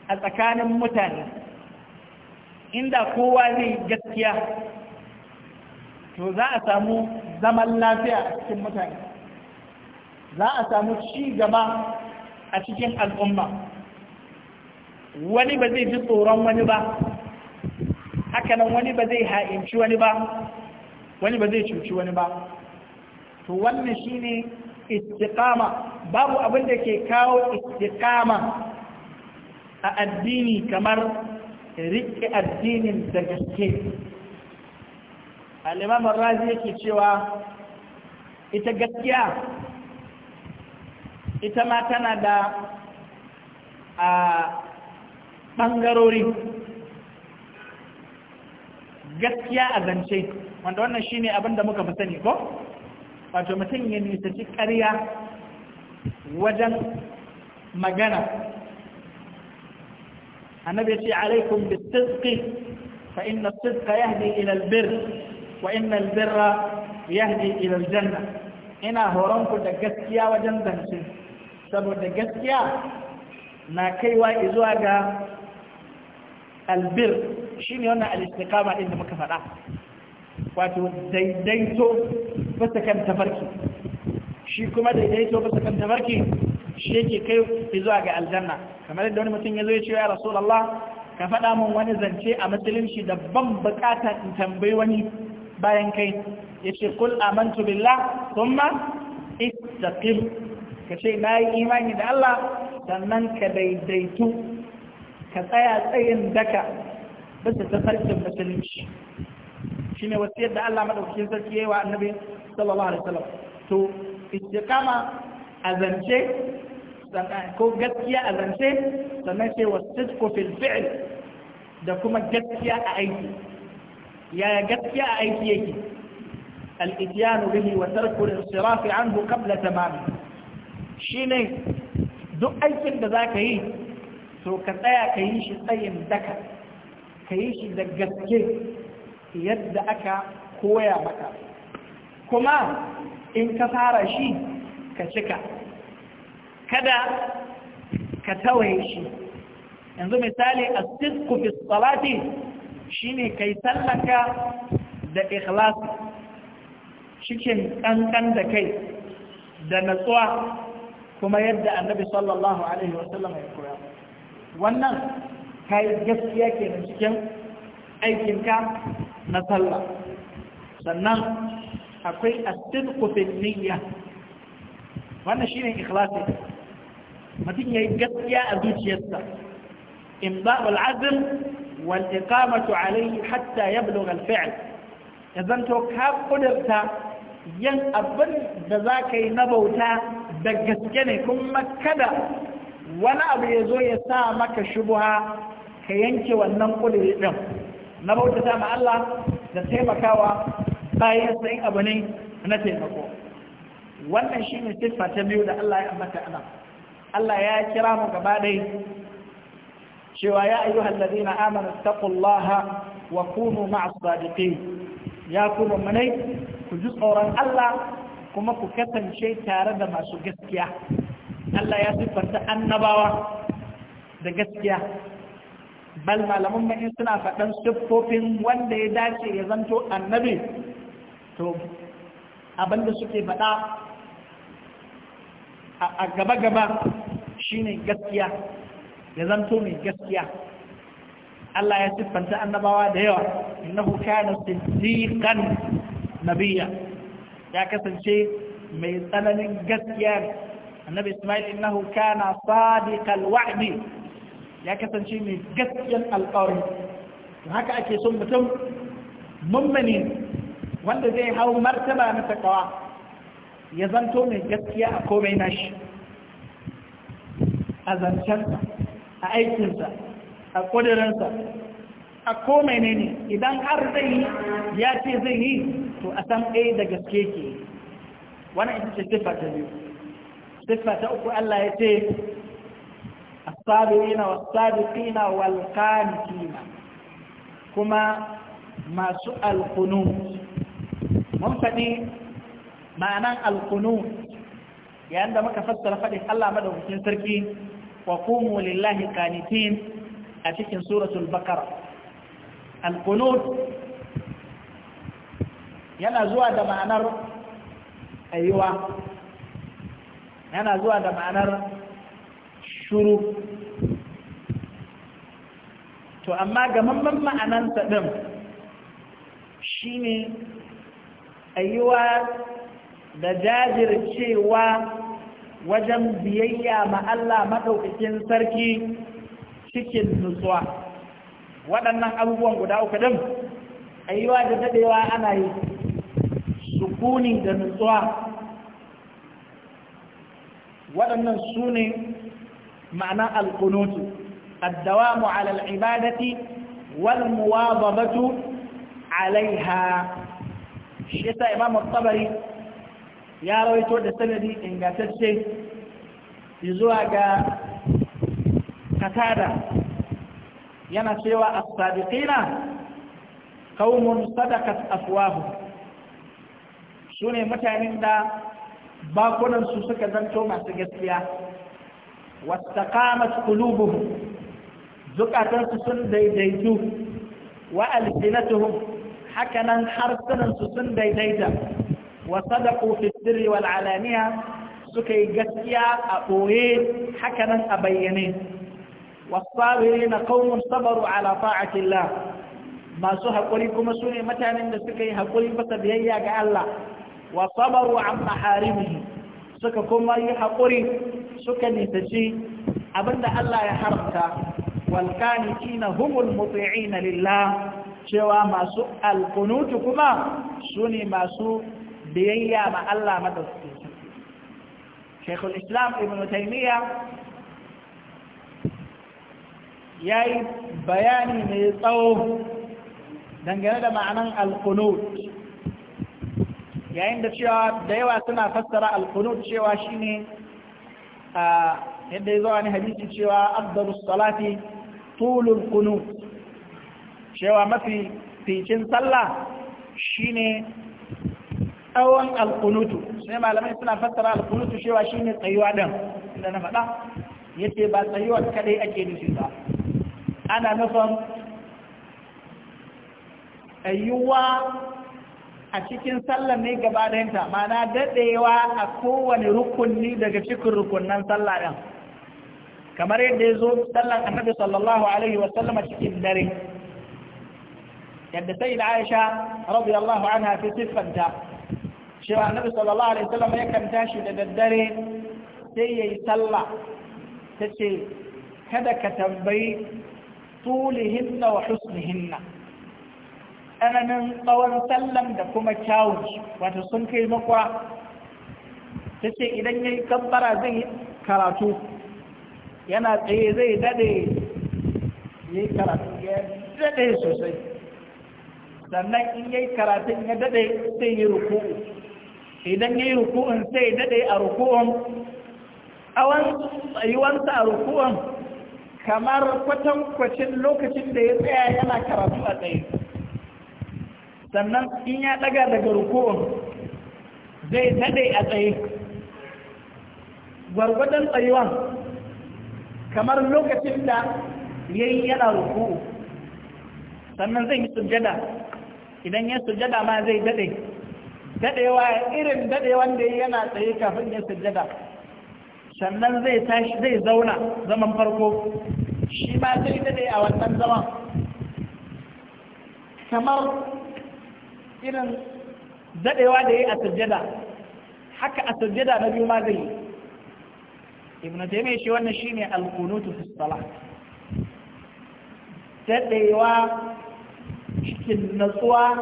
a tsakanin mutane inda kowa zai gaskiya to za a samu zaman lafiya a cikin mutane za a samu ci gaba a cikin al'umma wani ba zai ji tsoron wani ba hakanan wani ba zai ha'inci wani ba wani ba zai cuci wani ba to wannan shine istiqama babu abin da ke kawo istiqama a addini kamar riƙe addinin da gaske al'imamun razi yake cewa ita gaskiya ita ma tana da a ɓangarori gaskiya a zance wanda wannan shi abin da muka fi sani ko wato mutum ya nisaci ƙarya wajen magana annabi ya ce alaikum bisidqi fa inna ya yahdi ilal bir? wa inna albirra yahdi ilal aljanna ina horonku da gaskiya wajen zance saboda gaskiya na kaiwa zuwa ga albir Shi ne wannan alistikama inda muka faɗa wato daidaito bisa kan tafarki shi kuma daidaito bisa kan tafarki shi yake kai zuwa ga aljanna kamar yadda wani mutum ya zo ya ce ya rasulullah ka faɗa min wani zance a musulunci da ban bukata in tambayi wani bayan kai ya ce kul amantu billah kuma istaqim ka ce na yi imani da Allah sannan ka daidaitu ka tsaya tsayin daka bisa tafarkin musulunci shine wasu yadda Allah madaukakin sarki yi wa annabi sallallahu alaihi wasallam to istiqama azance ko gaskiya azance sannan sai wasidqu fil fi'l da kuma gaskiya a aiki yaya gaskiya a aiki yake al-ityanu bihi wa tarku al-insiraf anhu qabla tamami shine duk aikin da ka yi to ka tsaya ka yi shi tsayin daka ka yi shi da gaske yadda aka koya maka kuma in ka fara shi ka cika kada ka tawaye shi yanzu misali a fi salati shine kai sallaka da ikhlasi cikin kankan da kai da natsuwa kuma yadda annabi sallallahu alaihi wasallam ya koya wannan yi gaskiya kenan cikin aikinka na sallah sannan akwai astin kufin niyya wannan shi ne ikhlasi mutum ya yi gaskiya a zuciyarsa in ba wal'azim wal'iƙamatu alaihi hatta ya bulo alfi'al ya zanto ka ƙudurta yin abin da za ka yi na bauta da gaske ne kuma kada wani abu ya zo ya sa maka shubuha ka yanke wannan ƙudiri ɗin na bautata ma Allah da taimakawa bayan sai abu ne na taimako wannan shi ne siffa ta biyu da Allah ya ambata ana Allah ya kira mu gaba dai cewa ya ayyuhal ladina amanu taqullaha wa kunu ma'as sadiqin ya kuma ne ku ji tsoron Allah kuma ku kasance tare da masu gaskiya Allah ya siffanta annabawa da gaskiya bal malaman baƙi suna faɗan siffofin wanda ya dace ya zanto annabi to abinda suke faɗa a gaba-gaba shine gaskiya ya zanto mai gaskiya Allah ya siffanta annabawa da yawa innahu kana siddiqan nabiyya ya kasance mai tsananin gaskiya annabi Ismail innahu kana sadiqal wa'di ya kasance mai gaskiyar alƙawari haka ake son mutum mummuni wanda zai hau martaba na takawa ya zanto mai gaskiya a komai nashi a zancensa a aikinsa a ƙudurinsa a komai ne ne idan har zai yi ya ce zai yi to a san ɗaya eh da gaske ke wani ita ce siffa ta biyu siffa ta uku Allah ya ce asabirina wasabiqina walqanitina kuma masu alqunut mun fadi ma'anan alqunut yayin da muka fassara fadin Allah madaukakin sarki wa qumu lillahi qanitin a cikin suratul baqara alqunut yana zuwa da ma'anar ayyuwa yana zuwa da ma'anar shuru to amma ga mamman ma'anansa ɗin shi ne ayyuwa da jajircewa wajen biyayya ma Allah maɗaukakin sarki cikin nutsuwa waɗannan abubuwan guda uku ɗin ayyuwa da daɗewa ana yi sukuni da nutsuwa waɗannan su ne ma'ana alƙunutu addawamu ala al'ibadati wal muwazabatu alaiha shi yasa imam al-tabari ya rawaito da sanadi ingantacce zuwa ga katada yana cewa as-sadiqina qaumun sadaqat afwahu sune mutanen da bakunansu suka zanto masu gaskiya واستقامت قلوبهم زكاة سن ديديتو وألسنتهم حكنا حرسنا سن ديديتا وصدقوا في السر والعلانية سكي جسيا أقوي حكنا أبينين والصابرين قوم صبروا على طاعة الله ما سوها قوليكم سوني متى من سكي هقولي بسبيهيا قال الله وصبروا عن محارمه suka kuma yi haƙuri suka nisaci abinda Allah ya haramta wal qanitina humul na lillah cewa masu alkunutu kuma sune masu biyayya ma Allah madaukakin Sheikhul Islam Ibn ya yayi bayani mai tsawo dangane da ma'anan alkunut yayin da cewa da yawa suna fassara alkunut cewa shine a yadda ya zo wani hadisi cewa abdul salati tulul kunu cewa mafi ficin sallah shine tsawon alkunutu sai malamai suna fassara alkunutu cewa shine tsayuwa din inda na faɗa ya ce ba tsayuwa kadai ake nufi ba ana nufin tsayuwa a cikin sallar ne gaba ɗayanta mana daɗewa a kowane rukunni daga cikin rukunnan sallah ɗin kamar yadda ya zo sallar annabi sallallahu alaihi wasallama cikin dare yadda sai da aisha radiyallahu anha fi siffanta cewa annabi sallallahu alaihi wasallama yakan tashi da daddare sai ya yi sallah ta ce kada ka tambayi tulihinna wa husnihinna tsananin tsawon sallan da kuma kyawun shi wata sun kai makwa ta ce idan ya yi kambara, zai yi karatu yana tsaye zai dade ya yi karatu ya dade sosai sannan in ya yi karatu ya dade sai yi ruku idan ya yi ruku'un sai dade a ruku'un tsawon tsayuwansa a ruku'un kamar kwatankwacin lokacin da ya tsaya yana karatu a tsaye sannan in ya daga daga rukun zai daɗe a tsaye gwargwadon tsayuwan kamar lokacin da ya yi yana ruku sannan zai yi sujjada idan ya sujjada ma zai daɗe daɗewa irin daɗewan da yana tsaye kafin ya sujjada sannan zai tashi zai zauna zaman farko shi ma zai daɗe a wannan zaman kamar irin daɗewa da ya yi a sajjada haka a sajjada na biyu ma zai yi ibn taymiya shi wannan shine al-qunutu fi salah daɗewa cikin natsuwa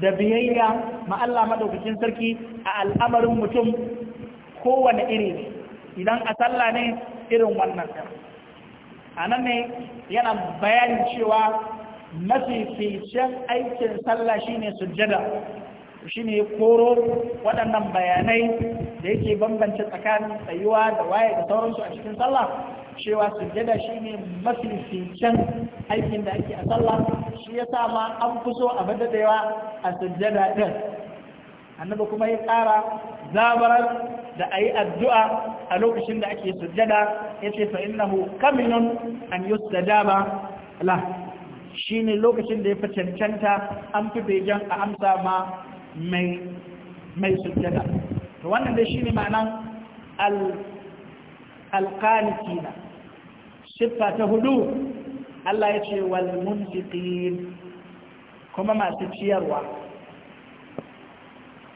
da biyayya ma Allah madaukakin sarki a al'amarin mutum kowane iri ne idan a sallah ne irin wannan a nan ne yana bayanin cewa mafificen aikin sallah shine sujjada shine koro waɗannan bayanai da yake bambance tsakanin tsayuwa da waye da sauransu a cikin sallah cewa sujjada shine mafificen aikin da ake a sallah shi yasa ma an fi so a yawa a sujjada din annabi kuma ya ƙara zabarar da ayi addu'a a lokacin da ake sujjada yace fa innahu kaminun an yustajaba la Shi ne lokacin da ya fi cancanta an fi bejan a amsa ma mai sujjada to wannan dai shine ma'anan alƙaliki na. siffa ta hudu Allah ya ce wal munfiqin kuma masu ciyarwa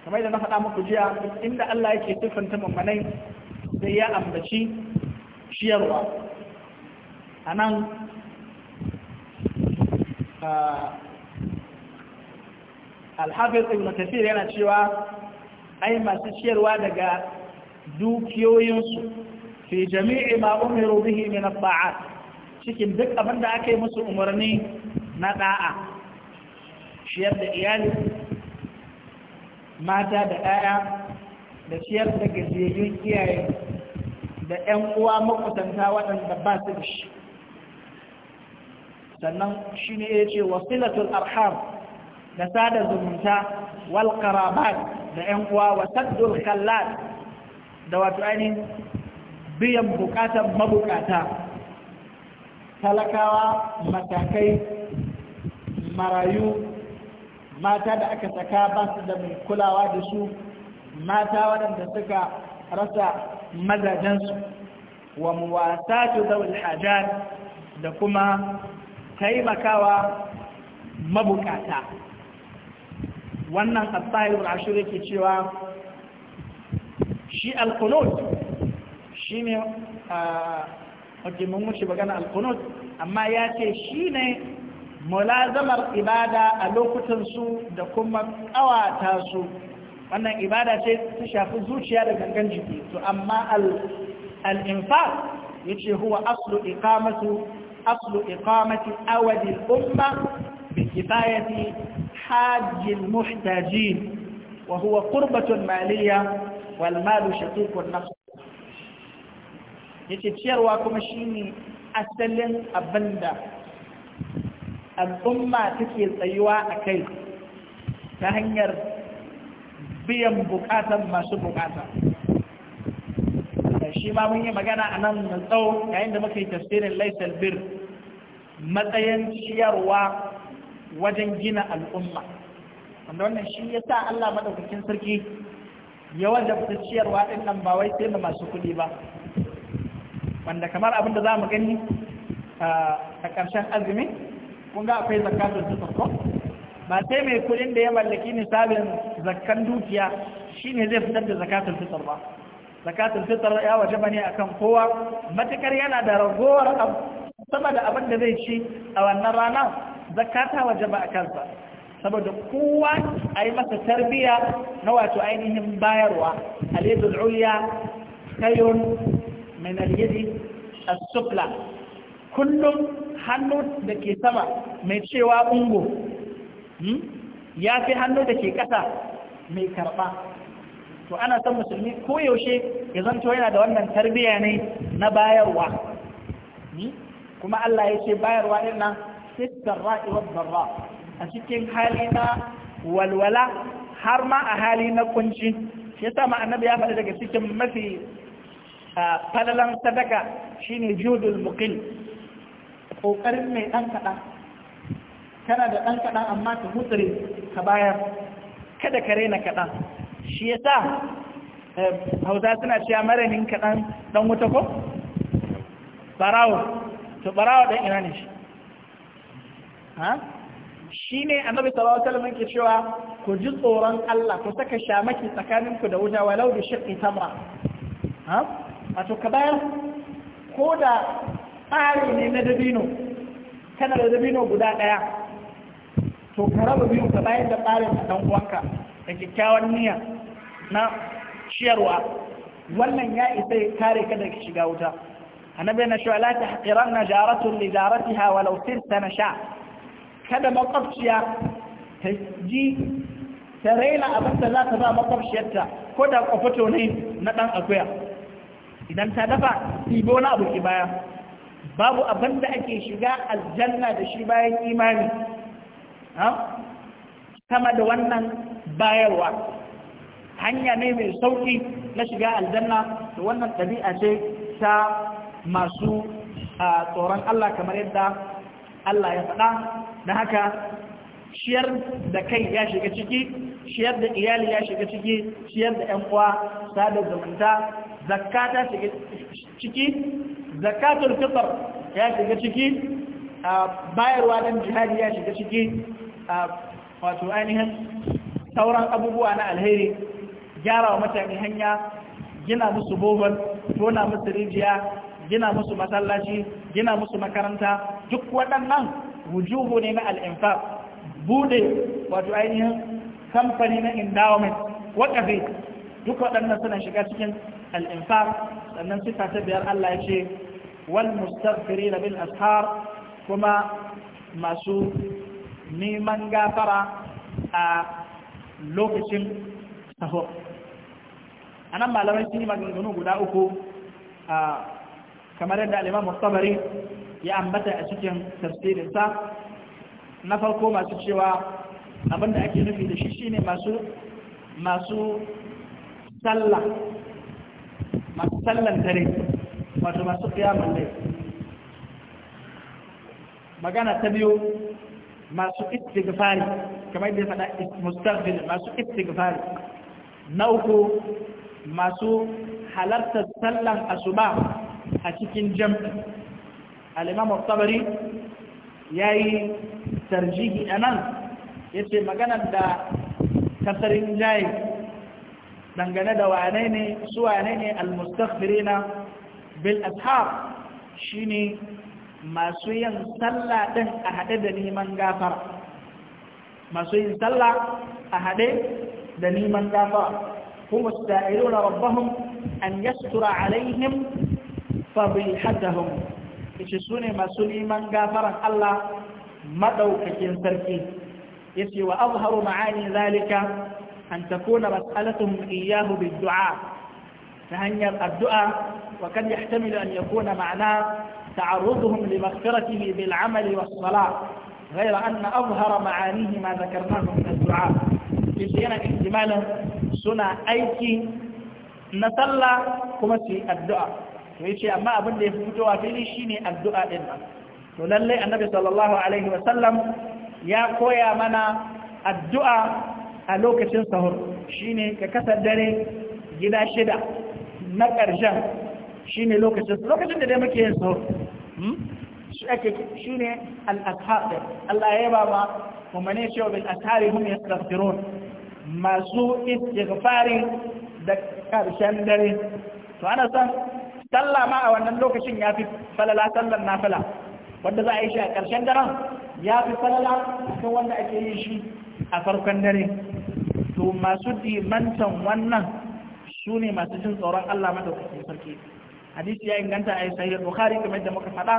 kamar da na faɗa muku jiya inda Allah yake siffanta mummunai sai ya ambaci ciyarwa a nan. alhafis ibn kafir yana cewa ai masu ciyarwa daga dukiyoyinsu fi jami'i ma umiru bihi min at-ta'at cikin duk abin da aka musu umarni na da'a ciyar da iyali mata da ɗaya da ciyar da gajerun iyaye da 'yan uwa makusanta waɗanda ba su da shi sannan shi ne ya ce wasilatul arham da sada zumunta wal da yan uwa wa saddul khallat da wato ainihin biyan bukatan mabukata talakawa matakai marayu mata da aka saka ba su da mai kulawa da su mata waɗanda suka rasa mazajensu wa muwasatu zawul hajjad da kuma makawa mabukata wannan asahirul ashir ke cewa shi alkunut shi ne wajen mun shi magana amma ya ce shi ne mulazamar ibada a lokutansu da kuma kawata su wannan ibada ce ta shafi zuciya da gangan jiki to amma al-infaq yace huwa aslu iqamatu أصل إقامة أود الأمة بكفاية حاج المحتاجين وهو قربة مالية والمال شقيق النفس يتشير واكم شيني أسلم أبندا الأمة تكي الطيوة اكيد تهنجر بيم بكاتا ما سبكاتا shi ma mun yi magana a nan mai tsawo yayin da muka yi tasirin laifin bir matsayin ciyarwa wajen gina al'umma wanda wannan shi ya sa Allah maɗaukakin sarki ya wajabta ciyarwa ɗin nan ba wai sai masu kuɗi ba wanda kamar abin da za mu gani a ƙarshen azumi kun ga akwai zakatun zubar ko ba sai mai kuɗin da ya mallaki nisabin zakkan dukiya shi ne zai fitar da zakatun fitar ba zakatul fitr ya wajaba ne akan kowa matakar yana da ragowar sama da abin da zai ci a wannan rana zakata wajaba a kansa saboda kowa a yi masa tarbiya na wato ainihin bayarwa alidul uliya kayun min alyadi as-sufla kullum hannu da ke sama mai cewa ungo hmm? ya fi hannu da ke ƙasa mai karɓa to ana son musulmi koyaushe ya zanto yana da wannan tarbiyya ne na bayarwa hmm? kuma Allah ya ce bayarwa ɗin nan fitar ra'iwar barra a cikin hali na walwala har ma a hali na kunci ya sa ma annabi ya faɗi daga cikin mafi falalan sadaka shine judul muqil ƙoƙarin mai ɗan kaɗan kana da ɗan kaɗan amma ka hutsure ka bayar kada ka raina kaɗan shi ya sa eh, hausa suna cewa maranin kaɗan ɗan wuta ko? Ɓarawo, to Ɓarawo ɗan ina ne shi shi ne annabi sallallahu alaihi wasallam ke cewa ku ji tsoron Allah ku saka shamaki tsakaninku da wuta walau da shiqqi tamra ha to ka bayar ko da tsari ne na dabino kana da dabino guda ɗaya to ka raba biyu ka bayan da tsarin ɗan uwanka da kyakkyawan niyya na ciyarwa wannan ya isa ya kare ka daga shiga wuta annabi na cewa la na jaratun li jaratiha walau sirta sha. kada makwabciya ta ji ta raina abin da za ta ba makwabciyarta ko da kwafato ne na ɗan akuya idan ta dafa ɗibo na abu ki baya babu abin da ake shiga aljanna da shi bayan imani sama da wannan bayarwa hanya ne mai sauƙi na shiga aljanna da wannan ɗabi'a ce ta masu tsoron Allah kamar yadda Allah ya faɗa na haka shiyar da kai ya shiga ciki shiyar da iyali ya shiga ciki shiyar da ‘yan uwa sada zamanta, zakka ta shiga ciki zakatul fitar ya shiga ciki bayarwa don jihadi ya shiga ciki wato ainihin sauran abubuwa na alheri gyara wa mutane hanya gina musu bohol tona musu rijiya gina musu masallaci gina musu makaranta duk waɗannan wujuhu ne na al'infar bude wato ainihin kamfani na endowment wakafi duk waɗannan suna shiga cikin al'infar sannan sifa ta biyar Allah ya ce wal mustafiri na bil ashar kuma masu neman gafara a lokacin taho a nan malamai sun yi maganganu guda uku a kamar yadda alima mustabari ya ambata a cikin tafsirinsa na farko masu cewa abinda ake nufi da shi shine masu masu sallah masu sallan dare wato masu fiya mallai, magana ta biyu masu istighfari kamar da ya faɗa mustaghfir masu istighfari na uku masu halartar sallan asuba a cikin jam'i al-imam al-tabari yayi tarjihi anan yace magana da kasarin jayi dangane da wane ne su wane ne al-mustaghfirina bil ashab shine masu yin sallah din a haɗe da neman gafara masu yin sallah a haɗe da neman gafara kuma su da'iru na rabbahun an yastura alaihim fadihadahum yace su ne masu neman gafaran Allah madaukakin sarki yace wa azharu ma'ani zalika an takuna mas'alatuhum iyahu bi dua ta hanyar addu'a wa kan yahtamilu an yakuna ma'ana تعرضهم لمغفرته بالعمل والصلاة غير أن أظهر معانيه ما ذكرناه من الدعاء يسينا احتمالا سنة أيكي نتلى كما في الدعاء ويشي أما أبن دي فتوى فيلي شيني الدعاء إنا ولله النبي صلى الله عليه وسلم يا كويا منا الدعاء ألوك سنسهر شيني ككسر دري جدا شدا نكر جن shine lokacin lokacin da dai muke yin sahur Hmm? shi ake shi ne al'ashaɗe Allah ya yaba ma mummane cewa bin asari hun ya tsaftirun masu istighfarin da ƙarshen dare to ana son sallah ma a wannan lokacin ya fi falala na fala. wanda za a yi shi a ƙarshen daren ya fi falala kan wanda ake yi shi a farkon dare to masu dimantan wannan su ne masu jin tsoron Allah madaukakin sarki hadisi ya inganta a sahih bukhari kamar da muka faɗa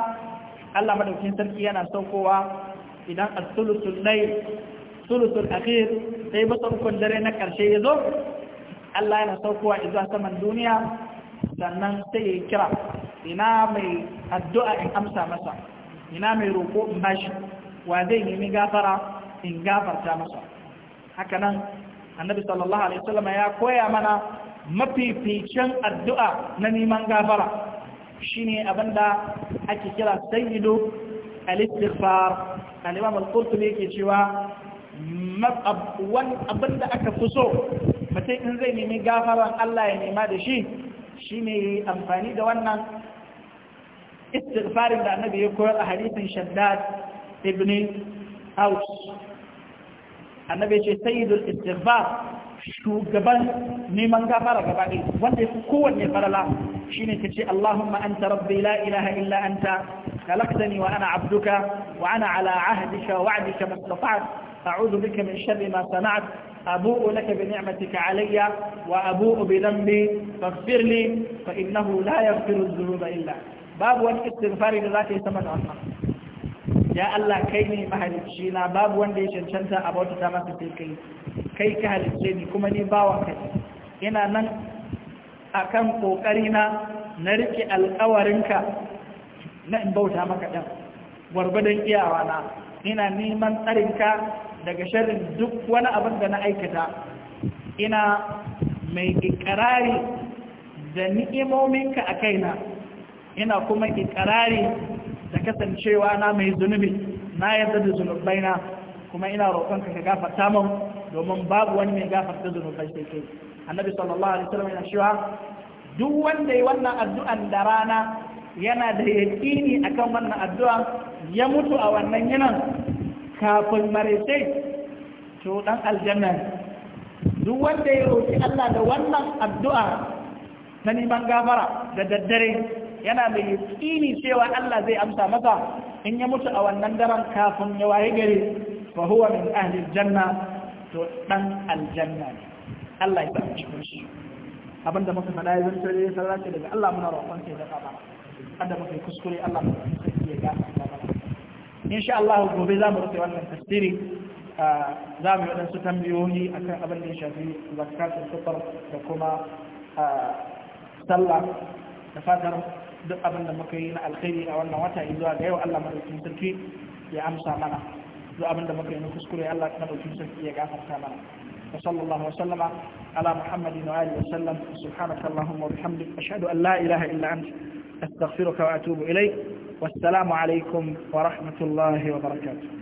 Allah madaukin sarki yana saukowa idan as-sulusul layl sulusul akhir sai basa ukun dare na karshe yazo Allah yana saukowa izuwa saman duniya sannan sai ya kira ina mai addu'a in amsa masa ina mai roƙo in bashi wa zai nemi gafara in gafarta masa haka nan annabi sallallahu alaihi wasallam ya koya mana mafificin addu'a na neman gafara shine da ake kira sayyidu al-istighfar al-imam al-qurtubi yake cewa abinda aka fi so mutum in zai nemi gafaran Allah ya nema da shi shine amfani da wannan istighfarin da annabi ya koyar a hadisin shaddad ibn house annabi ce sayyidul Istikfar. shugaban neman gafara gaba ɗaya wanda ya fi kowanne farala shi ne ka anta rabbi la ilaha illa anta khalaqtani wa ana abduka wa ana ala ahdika wa wa'dika ma istata'at a'udhu bika min sharri ma sana'at abu'u laka wa abu'u bi dhanbi faghfir li fa innahu la yaghfiru dhunuba illa babu wani istighfari da zaka yi sama da wannan ya Allah kai ne mahalicci na babu wanda ya cancanta a bauta ta masa sai kai ka halice ni kuma ni bawa kai ina nan akan kokari na na rike ka na in bauta maka dan gwargwadon iyawa na ina neman tsarinka daga sharrin duk wani abin da na aikata ina mai ikirari da ka a kaina ina kuma ikirari da kasancewa na mai zunubi na yadda da zunubai na. kuma ina roƙonka ka gafarta mun domin babu wani mai gafarta zunubai sai kai annabi sallallahu alaihi wasallam yana cewa duk wanda yi wannan addu'an da rana yana da yaƙini akan wannan addu'a ya mutu a wannan yinan kafin maraice to dan aljanna duk wanda ya roki Allah da wannan addu'a ta neman gafara da daddare yana da yaƙini cewa Allah zai amsa masa in ya mutu a wannan daren kafin ya waye gari fa huwa min ahli aljanna to ɗan aljanna ne Allah ya sa cikin shi abinda muka faɗa ya zanto da ya sarrafa daga Allah muna roƙon sai da kaba kada muka yi kuskure Allah mu sai ya gafa insha Allah gobe za mu rufe wannan tafsiri ah, za mu yi waɗansu tambayoyi akan abin da ya shafi zakatul fitr da kuma ah, sallah da fatar duk abin da muka yi na alkhairi a wannan wata zuwa ga yau Allah madaukakin sarki ya amsa mana duk abin da muka yi na kuskure Allah ta dauki sarki iya gafarta mana wa sallallahu wa sallama ala muhammadin wa alihi wa sallam subhanaka wa bihamdik ashhadu an la ilaha illa anta astaghfiruka wa atubu ilayk wassalamu alaikum wa rahmatullahi wa barakatuh